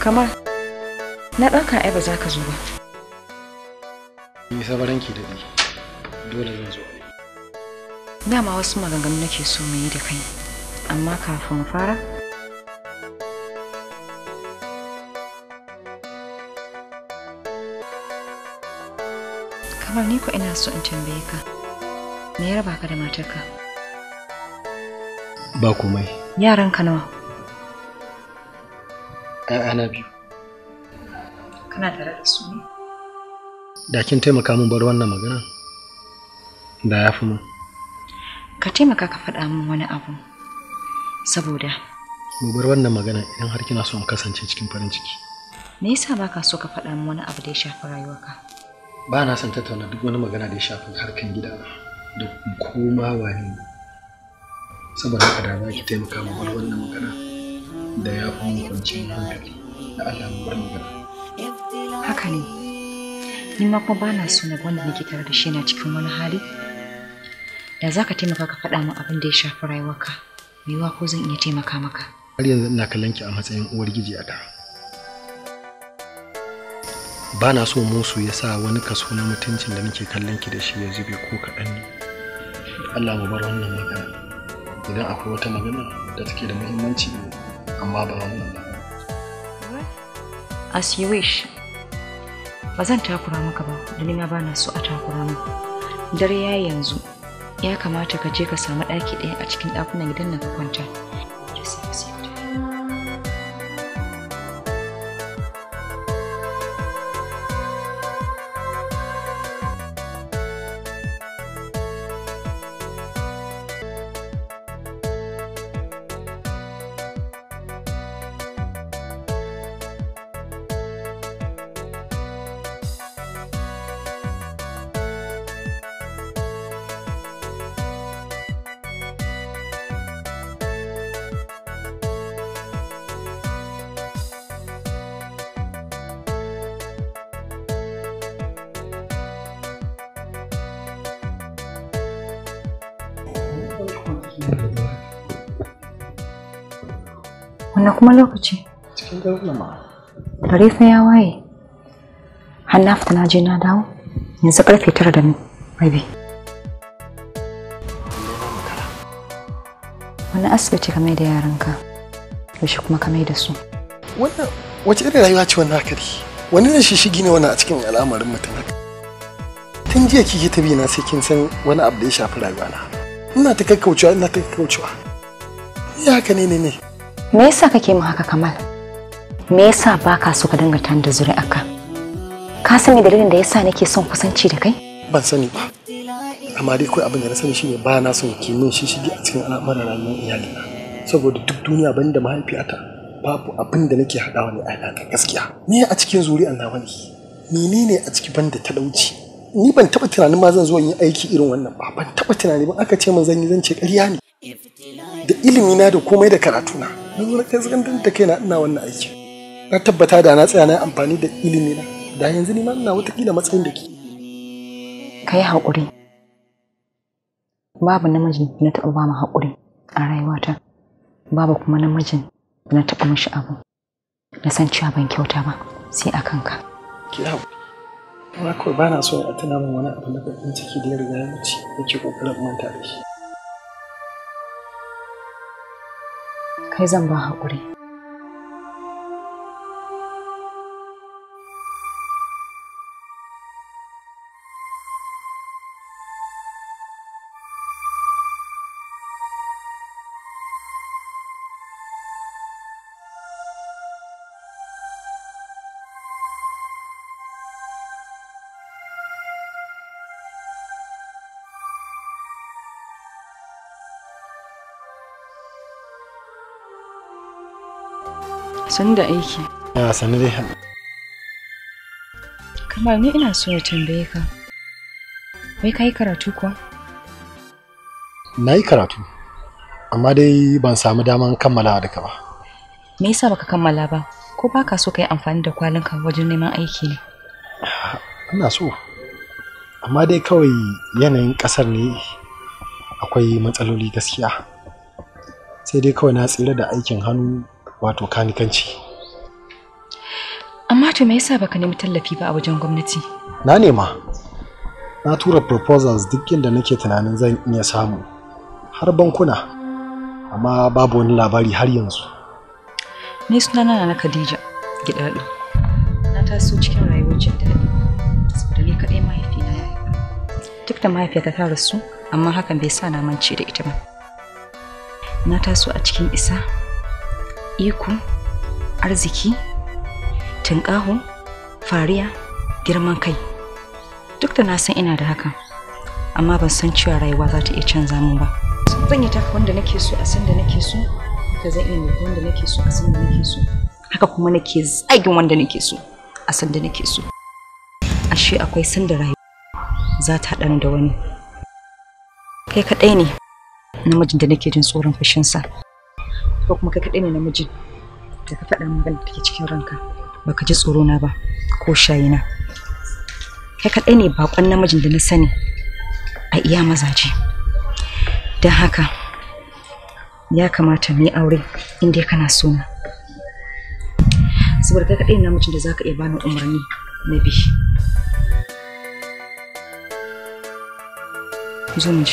kamar na ɗauka ai ba za ka zo ba. Me yasa sabaran ki daɗi dole zan zo. Dama wasu maganganu nake so mu yi da kai amma kafin fara kamar ni ko ina so in tambaye ka me ya raba ka da matarka ba komai yaran ka nawa ana biyu kana tare da su ne da kin taimaka min bar wannan magana da ya fi mun ka taimaka ka faɗa min wani abu saboda mu bar wannan magana idan har kina so in kasance cikin farin ciki me yasa baka so ka faɗa min wani abu da ya shafi rayuwarka ba na son tattauna duk wani magana da ya shafi harkan gida da koma wani saboda haka da ki taimaka mu bar wannan magana da ya fi mu hankali da Allah mu bar magana haka ne ni ma kuma ba na so na wanda nake tare da shi na cikin wani hali da za ka taimaka ka faɗa min abin da ya shafi rayuwarka yiwuwa ko zan iya taimaka maka har yanzu ina kallon ki a matsayin uwar giji ta ba na so musu ya sa wani kaso na mutuncin da nake kallon ki da shi ya zube ko kaɗan ne allah mu bar wannan magana idan akwai wata magana da take da muhimmanci amma ba wannan ba as you wish ba zan takura maka ba domin ba na so a takura mu dare ya yanzu ya kamata ka je ka samu ɗaki ɗaya a cikin ɗakunan gidan nan ka kwanta Wannan kuma lokaci? Cikin garuruwa. Dare fa ya waye. Har na fita na je na dawo. Yanzu karfe tara da rabi. Wani asibiti ka da yaranka? Yaushe kuma ka da su? wace irin rayuwa ce wannan haka Wani ne shishigi ne wannan a cikin al'amarin mutum haka? Tun jiya kike ta na sai kin san wani abu da ya shafi rayuwa na. Ina ta kakkaucewa ina ta kakkaucewa. Ya haka ne ne ne. me yasa kake mu haka kamal me yasa ba ka so ka dinga tanda zuri'a ka sani dalilin da yasa nake son kusanci da kai ban sani ba amma dai kawai abin da na sani shine ba na son ki min shishigi a cikin al'amuran rayuwar iyali saboda duk duniya ban da mahaifiyata babu abin da nake haɗawa ne alaƙa gaskiya me a cikin zuri'an nawa ne menene a ciki ban da talauci ni ban taba tunanin ma zan zo yi aiki irin wannan ba ban taɓa tunani ba aka ce min zan yi zan ce ƙarya ne da ilimina da komai da karatuna na kai zangantar da kaina ina wannan aiki na tabbata da na tsaya na amfani da ilimina da yanzu ni ma ina watakila matsayin da ke kai haƙuri babu namiji na taɓa ba mu haƙuri a rayuwata babu kuma namijin na taɓa mishi abu na san cewa ban kyauta ba sai a kanka ki ba ba na so a tuna min wani abu na ciki da ya riga ya wuce yake ƙoƙarin manta da shi kai zan ba haƙuri Sun da aiki. Ya sani dai. Kamar ni ina so ya tambaye ka. Wai ka yi karatu kuwa? Na yi karatu, amma dai ban samu daman kammala ka ba. Me yasa baka kammala ba? Ko ba ka so ka yi amfani da kwalinka wajen neman aiki ne? Ina so. Amma dai kawai yanayin ƙasar ne akwai matsaloli gaskiya. Sai dai kawai na tsira da aikin hannu wato kanikanci amma to me yasa baka nemi tallafi ba a wajen gwamnati na nema na tura proposals duk inda nake tunanin zan iya samu har bankuna amma babu wani labari har yanzu ni sunana na Khadija gidaɗo. na taso cikin rayuwar jin daɗi saboda ni kaɗai mahaifina ya yi duk da mahaifiyata ta rasu amma hakan bai sa na mance da ita ba na taso a cikin isa iko arziki tunƙaho fariya girman kai duk da na san ina da haka amma ban san cewa rayuwa za ta iya canza mun ba zan yi taka wanda nake so a san da nake so haka zan iya nufi wanda nake so a san da nake so haka kuma nake zagin wanda nake so a san da nake so ashe akwai sanda rayuwa za ta haɗa da wani kai kaɗai ne namijin da nake jin tsoron fushinsa ko kuma kai kaɗai ne namijin da ka faɗa magana da take cikin ranka baka ji tsoro na ba ko shayina kai kaɗai ne bakon namijin da na sani a iya mazaje don haka ya kamata mu yi aure inda kana so na saboda kai kaɗai ne namijin da zaka iya bani umarni na biyu? zo mu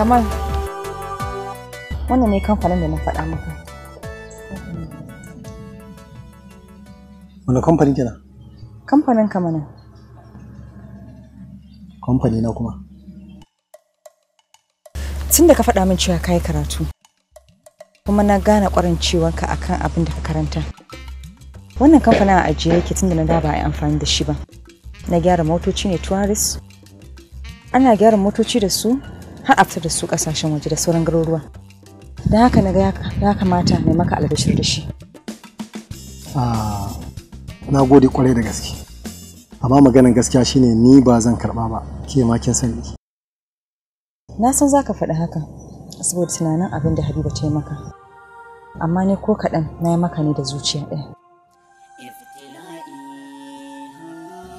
Kamal, wannan ne kamfanin da na faɗa maka. Wani kamfanin kenan? Kamfanin kamanin. Kamfani na kuma? Tun da ka faɗa min cewa ka yi karatu, kuma na gane ƙwarin ciwonka akan abin da ka karanta. Wannan kamfanin a ajiye yake tun da na da ba a yi amfani da shi ba. Na gyara motoci ne tourist. Ana gyara motoci da su har a fitar da su kasashen waje da sauran garuruwa Da haka na ga ya kamata mai maka albashir da shi ah, na gode kwarai da gaske amma maganin gaskiya shine ni ba zan karba ba ke ma kin sani na san za ka faɗi haka saboda tunanin abin da habiba ta yi maka amma ne ko kaɗan na yi maka ne da zuciya ɗaya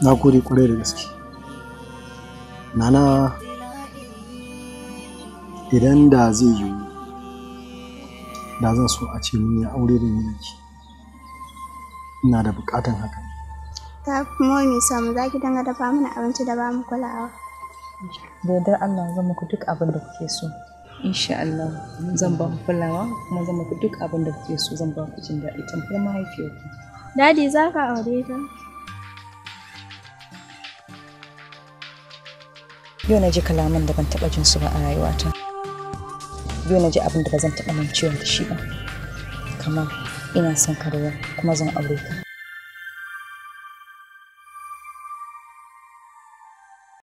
na gode kwarai da gaske nana idan da zai yiwu da zan so a ce mun yi aure da ni ina da bukatan haka ta kuma mai samu za ki danga dafa mana abinci da ba mu kulawa da yardar Allah zan muku duk abin da kuke so insha Allah zan ba ku kulawa kuma zan muku duk abin da kuke so zan ba ku jin daɗi tamfar mahaifiyarku dadi za ka aure ta yau na ji kalaman da ban taɓa jin su ba a rayuwata yau na ji abin da ba zan taɓa mancewa da shi ba kamar ina son karuwa kuma zan aure ka